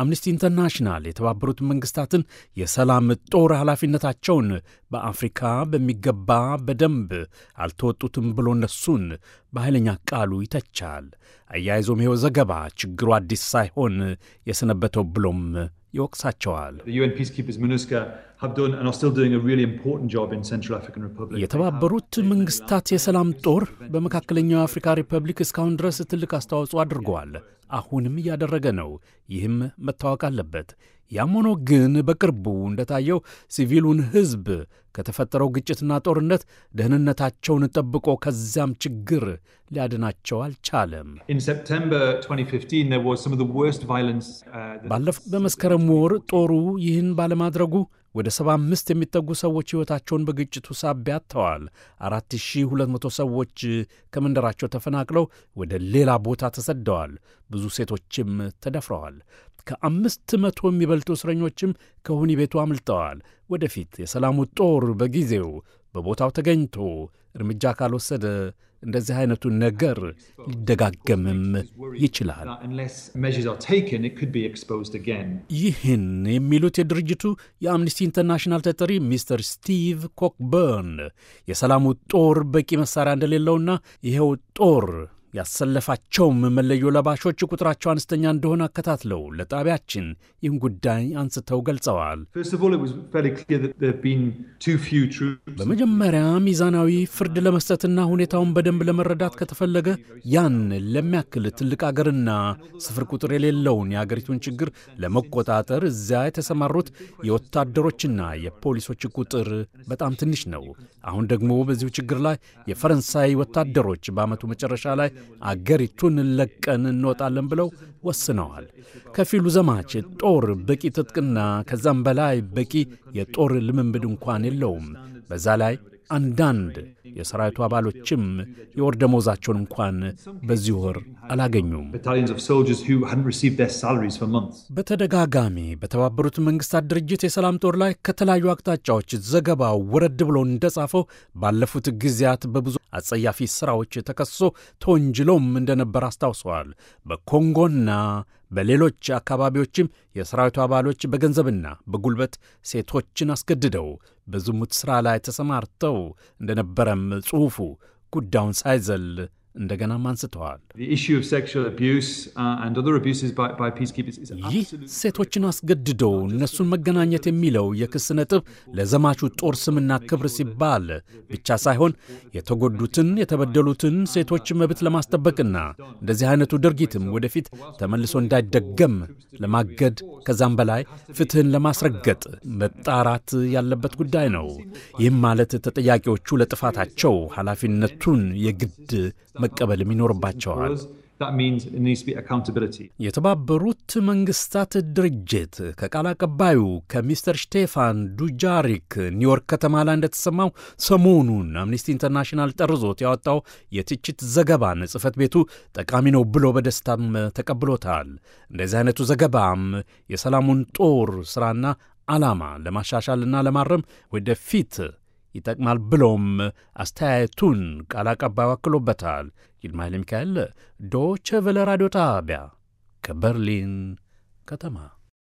አምነስቲ ኢንተርናሽናል የተባበሩት መንግስታትን የሰላም ጦር ኃላፊነታቸውን በአፍሪካ በሚገባ በደንብ አልተወጡትም ብሎ እነሱን በኃይለኛ ቃሉ ይተቻል። አያይዞም ይኸው ዘገባ ችግሩ አዲስ ሳይሆን የሰነበተው ብሎም ይወቅሳቸዋል። የተባበሩት መንግስታት የሰላም ጦር በመካከለኛው የአፍሪካ ሪፐብሊክ እስካሁን ድረስ ትልቅ አስተዋጽኦ አድርገዋል። አሁንም እያደረገ ነው። ይህም መታወቅ አለበት። ያም ሆኖ ግን በቅርቡ እንደታየው ሲቪሉን ሕዝብ ከተፈጠረው ግጭትና ጦርነት ደህንነታቸውን ጠብቆ ከዚያም ችግር ሊያድናቸው አልቻለም። uh, ባለፈው በመስከረም ወር ጦሩ ይህን ባለማድረጉ ወደ 75 የሚጠጉ ሰዎች ሕይወታቸውን በግጭቱ ሳቢያ አጥተዋል። 4200 ሰዎች ከመንደራቸው ተፈናቅለው ወደ ሌላ ቦታ ተሰደዋል። ብዙ ሴቶችም ተደፍረዋል። ከአምስት መቶ የሚበልጡ እስረኞችም ከሁኒ ቤቱ አምልጠዋል። ወደፊት የሰላሙ ጦር በጊዜው በቦታው ተገኝቶ እርምጃ ካልወሰደ እንደዚህ አይነቱ ነገር ሊደጋገምም ይችላል። ይህን የሚሉት የድርጅቱ የአምኒስቲ ኢንተርናሽናል ተጠሪ ሚስተር ስቲቭ ኮክበርን የሰላሙ ጦር በቂ መሳሪያ እንደሌለውና ይኸው ጦር ያሰለፋቸውም መለዮ ለባሾች ቁጥራቸው አነስተኛ እንደሆነ አከታትለው ለጣቢያችን ይህን ጉዳይ አንስተው ገልጸዋል። በመጀመሪያ ሚዛናዊ ፍርድ ለመስጠትና ሁኔታውን በደንብ ለመረዳት ከተፈለገ ያን ለሚያክል ትልቅ አገርና ስፍር ቁጥር የሌለውን የአገሪቱን ችግር ለመቆጣጠር እዚያ የተሰማሩት የወታደሮችና የፖሊሶች ቁጥር በጣም ትንሽ ነው። አሁን ደግሞ በዚሁ ችግር ላይ የፈረንሳይ ወታደሮች በዓመቱ መጨረሻ ላይ አገሪቱን ለቀን እንወጣለን ብለው ወስነዋል። ከፊሉ ዘማች ጦር በቂ ትጥቅና ከዛም በላይ በቂ የጦር ልምምድ እንኳን የለውም። በዛ ላይ አንዳንድ የሰራዊቱ አባሎችም የወር ደመወዛቸውን እንኳን በዚህ ወር አላገኙም። በተደጋጋሚ በተባበሩት መንግስታት ድርጅት የሰላም ጦር ላይ ከተለያዩ አቅጣጫዎች ዘገባው ወረድ ብሎ እንደጻፈው ባለፉት ጊዜያት በብዙ አጸያፊ ስራዎች ተከሶ ተወንጅሎም እንደነበር አስታውሰዋል። በኮንጎና በሌሎች አካባቢዎችም የሰራዊቱ አባሎች በገንዘብና በጉልበት ሴቶችን አስገድደው በዝሙት ሥራ ላይ ተሰማርተው እንደነበረም ጽሑፉ ጉዳዩን ሳይዘል እንደገናም አንስተዋል። uh, ይህ ሴቶችን አስገድደው እነሱን መገናኘት የሚለው የክስ ነጥብ ለዘማቹ ጦር ስምና ክብር ሲባል ብቻ ሳይሆን የተጎዱትን የተበደሉትን ሴቶች መብት ለማስጠበቅና እንደዚህ አይነቱ ድርጊትም ወደፊት ተመልሶ እንዳይደገም ለማገድ ከዛም በላይ ፍትህን ለማስረገጥ መጣራት ያለበት ጉዳይ ነው። ይህም ማለት ተጠያቂዎቹ ለጥፋታቸው ኃላፊነቱን የግድ መቀበልም ይኖርባቸዋል። የተባበሩት መንግስታት ድርጅት ከቃል አቀባዩ ከሚስተር ሽቴፋን ዱጃሪክ ኒውዮርክ ከተማ ላይ እንደተሰማው ሰሞኑን አምኒስቲ ኢንተርናሽናል ጠርዞት ያወጣው የትችት ዘገባን ጽሕፈት ቤቱ ጠቃሚ ነው ብሎ በደስታም ተቀብሎታል። እንደዚህ አይነቱ ዘገባም የሰላሙን ጦር ሥራና ዓላማ ለማሻሻልና ለማረም ወደፊት ይጠቅማል ብሎም አስተያየቱን ቃል አቀባዩ አክሎበታል። ይልማ ኃይለ ሚካኤል ዶቸ ቨለ ራዲዮ ጣቢያ ከበርሊን ከተማ